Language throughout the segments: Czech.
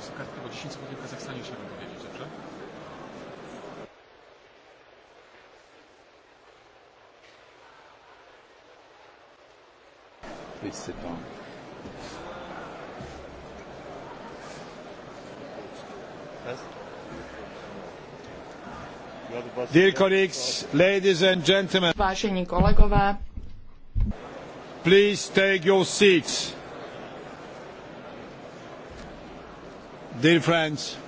prostu kartkę, bo 10 sekund w Kazachstanie chciałbym powiedzieć, dobrze? Oui, c'est pas. Dear colleagues, ladies and gentlemen. Vážení kolegové. Please take your seats. Dear friends,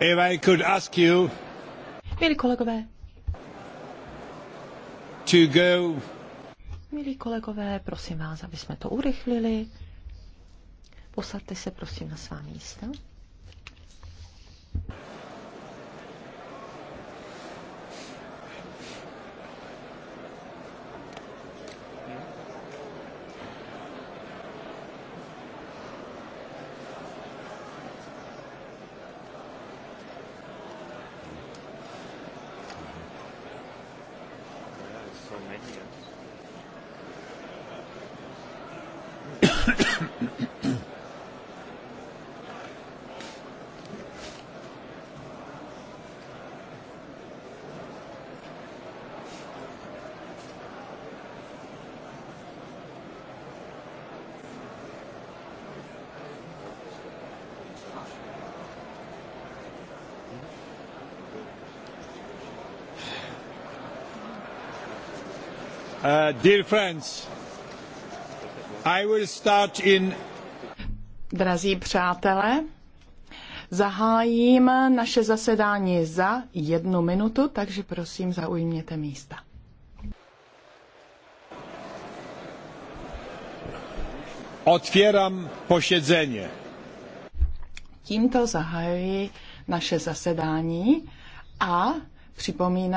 if I could ask you Milí kolegové, to go. Milí kolegové, prosím vás, aby jsme to urychlili. Posaďte se prosím na svá místa. so many. Uh, Drazí přátelé, zahájím naše zasedání za jednu minutu, takže prosím zaujměte místa. Otvírám pošedzeně. Tímto zahajuji naše zasedání a připomínám